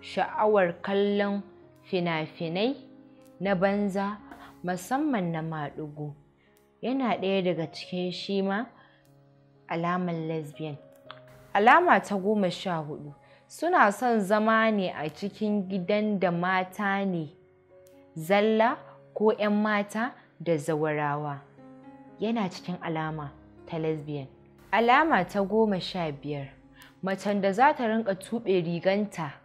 sha'awar kallon fina-finai na banza musamman na maɗigo yana ɗaya daga cikin shi ma alamar lesbian alama ta goma sha hudu suna son zama ne a cikin gidan da mata ne zalla ko 'yan mata da zawarawa yana cikin alama ta lesbian alama ta goma sha biyar macen da za ta rinka tuɓe riganta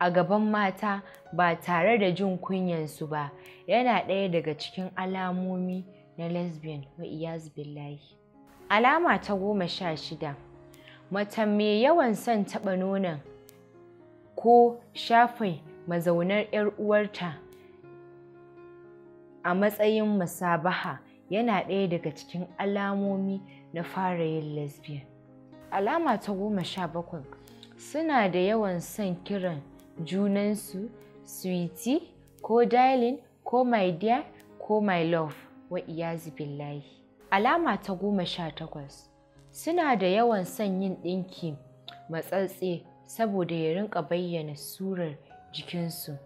a gaban mata ba tare da jin kunyansu ba yana ɗaya daga cikin alamomi na lesbian wa'iyaz billahi. Alama ta goma sha shida mace mai yawan son taɓa nonon ko shafin mazaunar 'yar uwarta a matsayin musabaha yana ɗaya daga cikin alamomi na fara yin lesbian. Alama ta goma sha bakwai suna da yawan son kiran junansu sweetie ko darling ko my dear ko my love wa iyazi billahi alama ta goma sha takwas suna da yawan son yin ɗinki matsatse saboda ya rinka bayyana surar jikinsu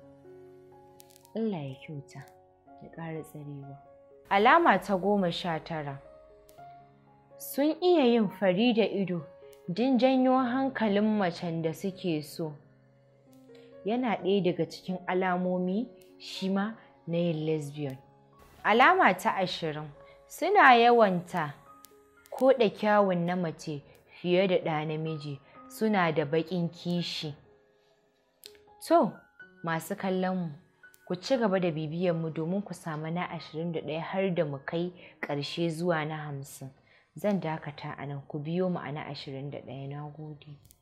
Allah ya kyauta ya ƙara tsarewa alama ta goma sha tara sun iya yin fari da ido din janyo hankalin macen da suke so yana ɗaya daga cikin alamomi shi ma na yin lesbian. Alama ta ashirin suna yawanta ko da kyawun na mace fiye da ɗa namiji suna da baƙin kishi. To, masu kallon mu, ku ci gaba da bibiyanmu domin ku samu na ashirin da ɗaya har da mu kai ƙarshe zuwa na hamsin. Zan dakata a nan ku biyo mu a na ashirin da ɗaya. Na gode.